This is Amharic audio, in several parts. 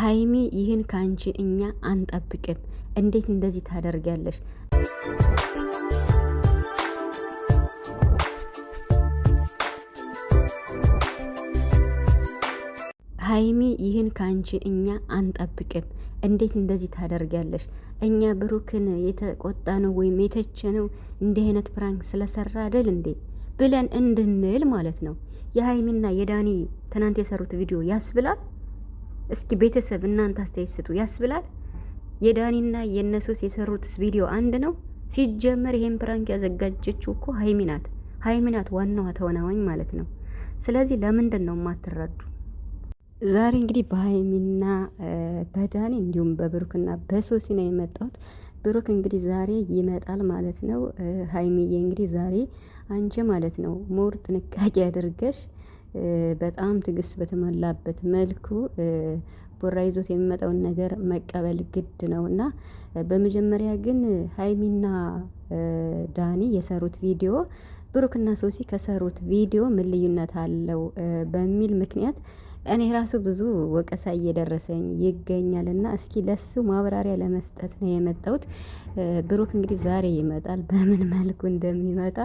ሀይሚ ይህን ከአንቺ እኛ አንጠብቅም። እንዴት እንደዚህ ታደርጊያለሽ? ሀይሚ ይህን ከአንቺ እኛ አንጠብቅም። እንዴት እንደዚህ ታደርጊያለሽ? እኛ ብሩክን የተቆጣ ነው ወይም የተቸ ነው እንዲህ አይነት ፕራንክ ስለሰራ አይደል እንዴ ብለን እንድንል ማለት ነው። የሀይሚና የዳኒ ትናንት የሰሩት ቪዲዮ ያስብላል። እስኪ ቤተሰብ እናንተ አስተያየት ስጡ። ያስብላል። የዳኒና የነሶስ የሰሩትስ ቪዲዮ አንድ ነው? ሲጀመር ይሄን ፕራንክ ያዘጋጀችው እኮ ሀይሚ ናት። ሀይሚ ናት ዋናዋ ተወናዋኝ ማለት ነው። ስለዚህ ለምንድን ነው የማትረዱ? ዛሬ እንግዲህ በሀይሚና በዳኒ እንዲሁም በብሩክና በሶሲ ነው የመጣሁት። ብሩክ እንግዲህ ዛሬ ይመጣል ማለት ነው። ሀይሚዬ እንግዲህ ዛሬ አንቺ ማለት ነው ሞር ጥንቃቄ አድርገሽ በጣም ትዕግስት በተሞላበት መልኩ ቦራ ይዞት የሚመጣውን ነገር መቀበል ግድ እና በመጀመሪያ ግን ሀይሚና ዳኒ የሰሩት ቪዲዮ ብሩክና ሶሲ ከሰሩት ቪዲዮ ምን ልዩነት አለው? በሚል ምክንያት እኔ ራሱ ብዙ ወቀሳ እየደረሰኝ ይገኛል ይገኛልና እስኪ ለሱ ማብራሪያ ለመስጠት ነው የመጣሁት። ብሩክ እንግዲህ ዛሬ ይመጣል። በምን መልኩ እንደሚመጣ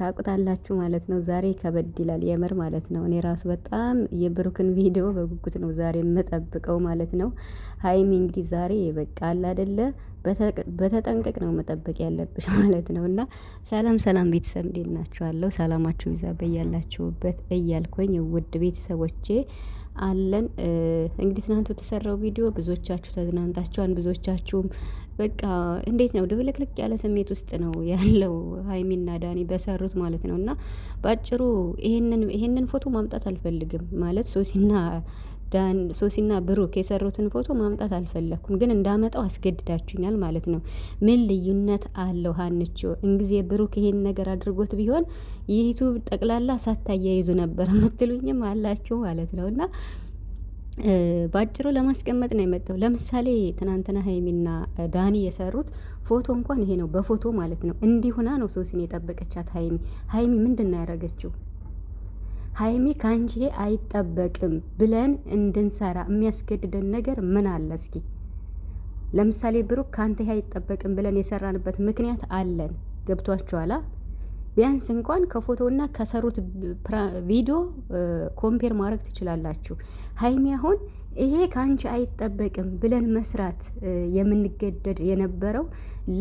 ታውቁታላችሁ ማለት ነው። ዛሬ ከበድ ይላል የምር ማለት ነው። እኔ ራሱ በጣም የብሩክን ቪዲዮ በጉጉት ነው ዛሬ የምጠብቀው ማለት ነው። ሀይሚ እንግዲህ ዛሬ በቃል አደለ በተጠንቀቅ ነው መጠበቅ ያለብሽ ማለት ነው። እና ሰላም ሰላም ቤተሰብ እንዴት ናችኋለሁ? ሰላማችሁ ይዛ በያላችሁበት እያልኩኝ ውድ ቤተሰቦቼ አለን። እንግዲህ ትናንት በተሰራው ቪዲዮ ብዙዎቻችሁ ተዝናንታችኋል። ብዙዎቻችሁም በቃ እንዴት ነው ድብልቅልቅ ያለ ስሜት ውስጥ ነው ያለው ሀይሚና ዳኒ በሰሩት ማለት ነው። እና በአጭሩ ይሄንን ፎቶ ማምጣት አልፈልግም ማለት ሶሲና ሶሲና ብሩክ የሰሩትን ፎቶ ማምጣት አልፈለግኩም፣ ግን እንዳመጣው አስገድዳችሁኛል ማለት ነው። ምን ልዩነት አለው? ሀንችው እንግዜ ብሩክ ይሄን ነገር አድርጎት ቢሆን የዩቱብ ጠቅላላ ሳታያይዙ ነበር የምትሉኝም አላችሁ ማለት ነው እና ባጭሩ ለማስቀመጥ ነው የመጣው። ለምሳሌ ትናንትና ሀይሚና ዳኒ የሰሩት ፎቶ እንኳን ይሄ ነው፣ በፎቶ ማለት ነው። እንዲሁና ነው ሶሲን የጠበቀቻት ሀይሚ ሀይሚ ምንድን ነው ያደረገችው? ሀይሚ ካንቺ አይጠበቅም ብለን እንድንሰራ የሚያስገድደን ነገር ምን አለ? እስኪ ለምሳሌ ብሩክ ካንተ አይጠበቅም ብለን የሰራንበት ምክንያት አለን። ገብቷችኋላ? ቢያንስ እንኳን ከፎቶና ከሰሩት ቪዲዮ ኮምፔር ማድረግ ትችላላችሁ። ሀይሚ አሁን ይሄ ከአንቺ አይጠበቅም ብለን መስራት የምንገደድ የነበረው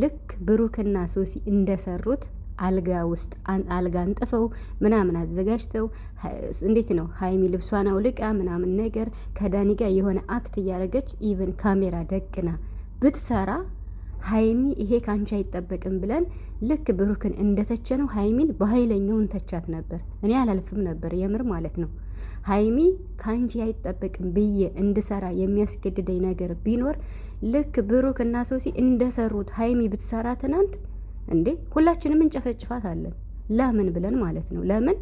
ልክ ብሩክና ሶሲ እንደሰሩት አልጋ ውስጥ አልጋ አንጥፈው ምናምን አዘጋጅተው እንዴት ነው ሀይሚ ልብሷን አውልቃ ምናምን ነገር ከዳኒ ጋር የሆነ አክት እያደረገች ኢቨን ካሜራ ደቅና ብትሰራ ሀይሚ ይሄ ከአንቺ አይጠበቅም ብለን ልክ ብሩክን እንደተቸ ነው ሀይሚን በኃይለኛውን ተቻት ነበር። እኔ አላልፍም ነበር የምር ማለት ነው። ሀይሚ ከአንቺ አይጠበቅም ብዬ እንድሰራ የሚያስገድደኝ ነገር ቢኖር ልክ ብሩክ እና ሶሲ እንደሰሩት ሀይሚ ብትሰራ ትናንት እንዴ ሁላችንም እንጨፈጭፋት አለን። ለምን ብለን ማለት ነው። ለምን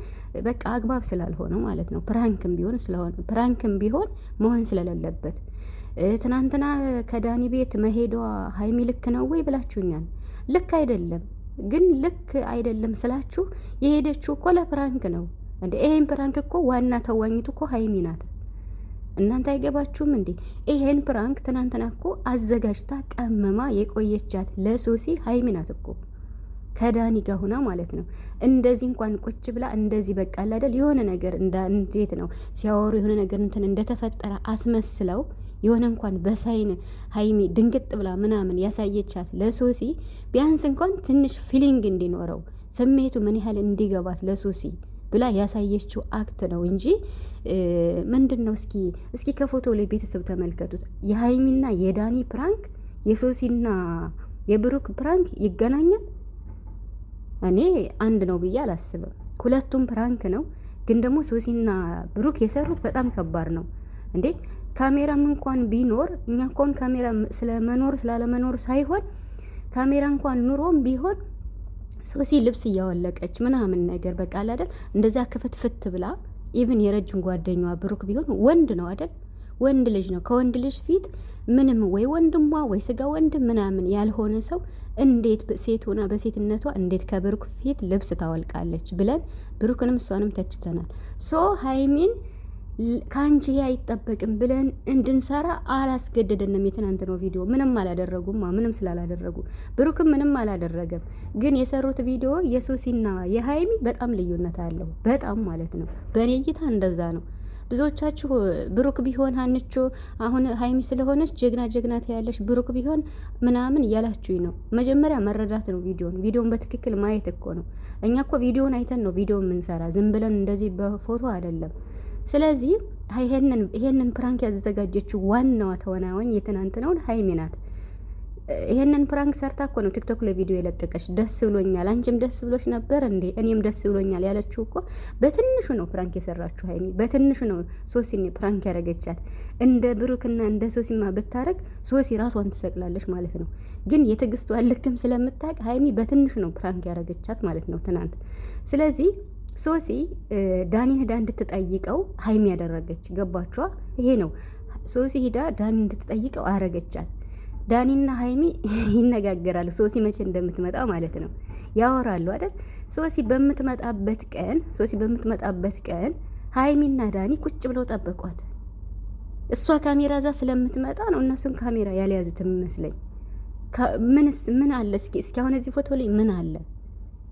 በቃ አግባብ ስላልሆነው ማለት ነው። ፕራንክም ቢሆን ስለሆነ ፕራንክም ቢሆን መሆን ስለሌለበት ትናንትና ከዳኒ ቤት መሄዷ ሀይሚ ልክ ነው ወይ ብላችሁኛል። ልክ አይደለም ግን ልክ አይደለም ስላችሁ የሄደችው እኮ ለፕራንክ ነው እንዴ። ይሄን ፕራንክ እኮ ዋና ተዋኝት እኮ ሀይሚ ናት። እናንተ አይገባችሁም እንዴ? ይሄን ፕራንክ ትናንትና እኮ አዘጋጅታ ቀመማ የቆየቻት ለሶሲ ሀይሚ ናት እኮ ከዳኒ ጋር ሆና ማለት ነው። እንደዚህ እንኳን ቁጭ ብላ እንደዚህ በቃ አይደል የሆነ ነገር እንዴት ነው ሲያወሩ የሆነ ነገር እንትን እንደተፈጠረ አስመስለው የሆነ እንኳን በሳይን ሀይሚ ድንግጥ ብላ ምናምን ያሳየቻት ለሶሲ ቢያንስ እንኳን ትንሽ ፊሊንግ እንዲኖረው ስሜቱ ምን ያህል እንዲገባት ለሶሲ ብላ ያሳየችው አክት ነው እንጂ ምንድን ነው እስኪ እስኪ ከፎቶ ላይ ቤተሰብ ተመልከቱት። የሀይሚና የዳኒ ፕራንክ የሶሲና የብሩክ ፕራንክ ይገናኛል? እኔ አንድ ነው ብዬ አላስብም። ሁለቱም ፕራንክ ነው፣ ግን ደግሞ ሶሲና ብሩክ የሰሩት በጣም ከባድ ነው እንዴ። ካሜራም እንኳን ቢኖር እኛ እንኳን ካሜራ ስለመኖር ስላለመኖር ሳይሆን ካሜራ እንኳን ኑሮም ቢሆን ሶሲ ልብስ እያወለቀች ምናምን ነገር በቃ አይደል እንደዚያ ክፍትፍት ብላ ኢቭን የረጅም ጓደኛዋ ብሩክ ቢሆን ወንድ ነው አይደል ወንድ ልጅ ነው። ከወንድ ልጅ ፊት ምንም ወይ ወንድሟ ወይ ስጋ ወንድ ምናምን ያልሆነ ሰው እንዴት ሴት ሆና በሴትነቷ እንዴት ከብሩክ ፊት ልብስ ታወልቃለች ብለን ብሩክንም እሷንም ተችተናል። ሶ ሀይሚን ከአንቺ ይሄ አይጠበቅም ብለን እንድንሰራ አላስገደደንም። የትናንትናው ቪዲዮ ምንም አላደረጉም፣ ምንም ስላላደረጉ ብሩክም ምንም አላደረገም። ግን የሰሩት ቪዲዮ የሶሲና የሀይሚ በጣም ልዩነት አለው፣ በጣም ማለት ነው። በእኔ እይታ እንደዛ ነው። ብዙዎቻችሁ ብሩክ ቢሆን ሀንቾ አሁን ሀይሚ ስለሆነች ጀግና ጀግና ያለች ብሩክ ቢሆን ምናምን እያላችሁኝ ነው። መጀመሪያ መረዳት ነው ቪዲዮን ቪዲዮን በትክክል ማየት እኮ ነው። እኛ እኮ ቪዲዮን አይተን ነው ቪዲዮ የምንሰራ፣ ዝም ብለን እንደዚህ በፎቶ አይደለም። ስለዚህ ይሄንን ፕራንክ ያዘጋጀችው ዋናዋ ተወናወኝ የትናንትናውን ሀይሚ ናት። ይሄንን ፕራንክ ሰርታ እኮ ነው ቲክቶክ ላይ ቪዲዮ የለቀቀች። ደስ ብሎኛል፣ አንቺም ደስ ብሎሽ ነበር እንዴ? እኔም ደስ ብሎኛል ያለችው እኮ በትንሹ ነው ፕራንክ የሰራችው ሀይሚ፣ በትንሹ ነው ሶሲን ፕራንክ ያደረገቻት። እንደ ብሩክና እንደ ሶሲማ ብታረግ ሶሲ ራሷን ትሰቅላለች ማለት ነው። ግን የትዕግስቱ አልክም ስለምታቅ ሀይሚ በትንሹ ነው ፕራንክ ያደረገቻት ማለት ነው ትናንት። ስለዚህ ሶሲ ዳኒን ሄዳ እንድትጠይቀው ሀይሚ ያደረገች ገባቿ። ይሄ ነው ሶሲ ሂዳ ዳኒ እንድትጠይቀው አረገቻት። ዳኒና ሀይሚ ይነጋገራሉ። ሶሲ መቼ እንደምትመጣ ማለት ነው ያወራሉ አይደል? ሶሲ በምትመጣበት ቀን ሶሲ በምትመጣበት ቀን ሀይሚና ዳኒ ቁጭ ብለው ጠበቋት። እሷ ካሜራ እዛ ስለምትመጣ ነው እነሱን ካሜራ ያልያዙት የሚመስለኝ። ምንስ ምን አለ እስኪ እስኪ አሁን እዚህ ፎቶ ላይ ምን አለ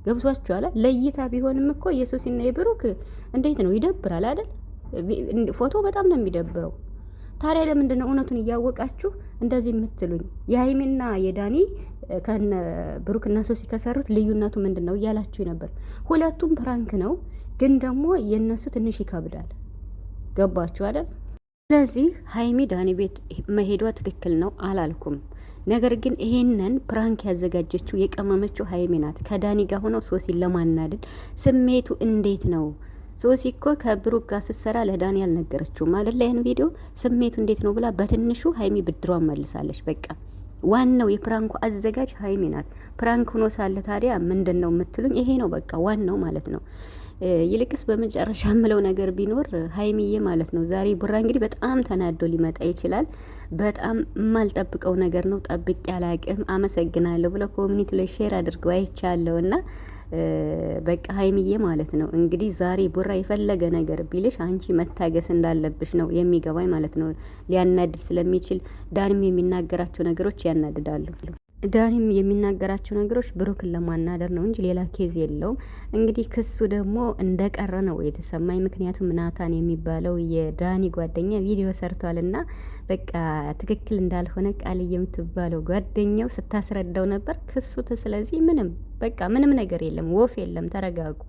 ገብቷችኋል? ለእይታ ቢሆንም እኮ የሶሲና የብሩክ እንዴት ነው ይደብራል አይደል? ፎቶ በጣም ነው የሚደብረው። ታዲያ ለምንድን ነው እውነቱን እያወቃችሁ እንደዚህ የምትሉኝ? የሀይሜና የዳኒ ከነ ብሩክና ሶሲ ከሰሩት ልዩነቱ ምንድን ነው እያላችሁ ነበር። ሁለቱም ፕራንክ ነው፣ ግን ደግሞ የእነሱ ትንሽ ይከብዳል። ገባችሁ አይደል? ስለዚህ ሀይሚ ዳኒ ቤት መሄዷ ትክክል ነው አላልኩም። ነገር ግን ይሄንን ፕራንክ ያዘጋጀችው የቀመመችው ሀይሚ ናት። ከዳኒ ጋር ሆነው ሶሲን ለማናደድ ስሜቱ እንዴት ነው? ሶሲ እኮ ከብሩክ ጋር ስትሰራ ለዳኒ ማለት ላይ ይህን ቪዲዮ ስሜቱ እንዴት ነው ብላ በትንሹ ሀይሚ ብድሯን መልሳለች። በቃ ዋናው የፕራንኩ አዘጋጅ ሀይሚ ናት። ፕራንክ ሆኖ ሳለ ታዲያ ምንድን ነው የምትሉኝ? ይሄ ነው በቃ ዋናው ማለት ነው። ይልቅስ በመጨረሻ ምለው ነገር ቢኖር ሀይሚዬ ማለት ነው ዛሬ ቡራ እንግዲህ በጣም ተናዶ ሊመጣ ይችላል። በጣም የማልጠብቀው ነገር ነው። ያለ አቅም አመሰግናለሁ ብለው ኮሚኒቲ ላይ ሼር አድርገው አይቻለሁ እና በቃ ሀይሚዬ ማለት ነው እንግዲህ ዛሬ ቡራ የፈለገ ነገር ቢልሽ አንቺ መታገስ እንዳለብሽ ነው የሚገባኝ ማለት ነው። ሊያናድድ ስለሚችል ዳንም የሚናገራቸው ነገሮች ያናድዳሉ። ዳኒም የሚናገራቸው ነገሮች ብሩክን ለማናደር ነው እንጂ ሌላ ኬዝ የለውም። እንግዲህ ክሱ ደግሞ እንደቀረ ነው የተሰማኝ። ምክንያቱም ናታን የሚባለው የዳኒ ጓደኛ ቪዲዮ ሰርቷልና በቃ ትክክል እንዳልሆነ ቃል የምትባለው ጓደኛው ስታስረዳው ነበር ክሱ። ስለዚህ ምንም በቃ ምንም ነገር የለም፣ ወፍ የለም። ተረጋጉ።